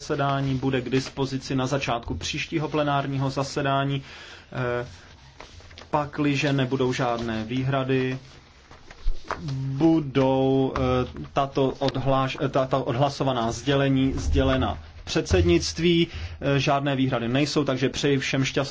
zasedání bude k dispozici na začátku příštího plenárního zasedání. Eh, Pakliže nebudou žádné výhrady, budou eh, tato, odhláš, eh, tato odhlasovaná sdělení sdělena předsednictví. Žádné výhrady nejsou, takže přeji všem šťastný.